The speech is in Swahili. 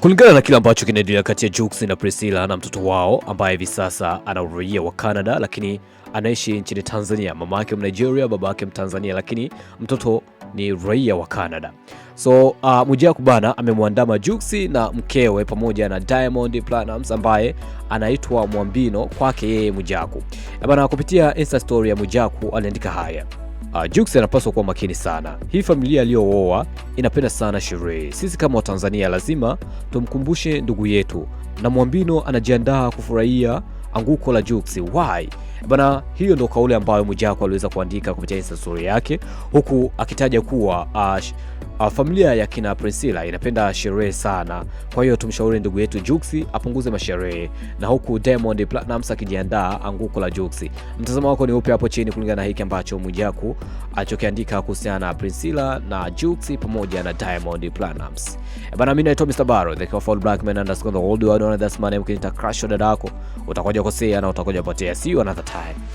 Kulingana na kile ambacho kinaendelea kati ya Jux na Priscilla na mtoto wao ambaye hivi sasa ana uraia wa Canada, lakini anaishi nchini Tanzania. Mama yake Mnigeria, baba yake Mtanzania, lakini mtoto ni raia wa Canada. So uh, Mwijaku bana amemwandama Jux na mkewe pamoja na Diamond Platnumz ambaye anaitwa Mwambino kwake yeye mujaku eh, Bana, kupitia Insta story ya mujaku aliandika haya Uh, Jux anapaswa kuwa makini sana. Hii familia aliyooa inapenda sana sherehe. Sisi kama Watanzania lazima tumkumbushe ndugu yetu, na Mwambino anajiandaa kufurahia anguko la Jux. Why? Bana, hiyo ndo kauli ambayo Mwijaku aliweza kuandika kupitia Insta story yake, huku akitaja kuwa uh, uh, familia ya kina Priscilla inapenda sherehe sana, kwa hiyo tumshauri ndugu yetu Juksi apunguze masherehe, na huku Diamond Platnumz akijiandaa anguko la Juksi. Mtazamo wako ni upi hapo chini kulingana na hiki ambacho Mwijaku alichokiandika kuhusiana na Priscilla na Juksi pamoja na Diamond Platnumz? Eh, bana, mimi naitwa Mr Baro, the All Black Man underscore the world, that's my name. Ukinita crush dada yako utakoja kosea na utakoja potea, see sio na time.